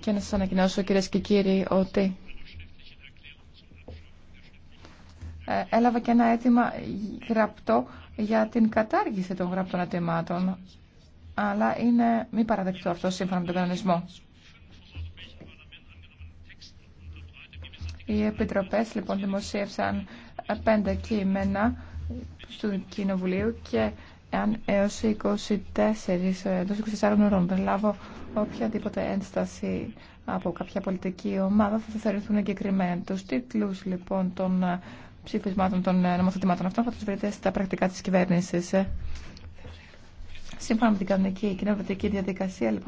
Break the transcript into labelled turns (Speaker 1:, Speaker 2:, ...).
Speaker 1: Και να σας ανακοινώσω κύριε και κύριοι ότι ε, έλαβα και ένα αίτημα γραπτό για την κατάργηση των γραπτών αιτημάτων. Αλλά είναι μη παραδεκτό αυτό σύμφωνα με τον κανονισμό. Οι επιτροπές λοιπόν δημοσίευσαν πέντε κείμενα του Κοινοβουλίου και εάν έως 24, εως 24 ώρων δεν λάβω οποιαδήποτε ένσταση από κάποια πολιτική ομάδα θα θεωρηθούν εγκεκριμένα. Τους τίτλους λοιπόν των ε, ψηφισμάτων των ε, νομοθετημάτων αυτών θα τους βρείτε στα πρακτικά της κυβέρνησης. Ε, σύμφωνα
Speaker 2: με την κανονική κοινοβουλευτική διαδικασία, λοιπόν,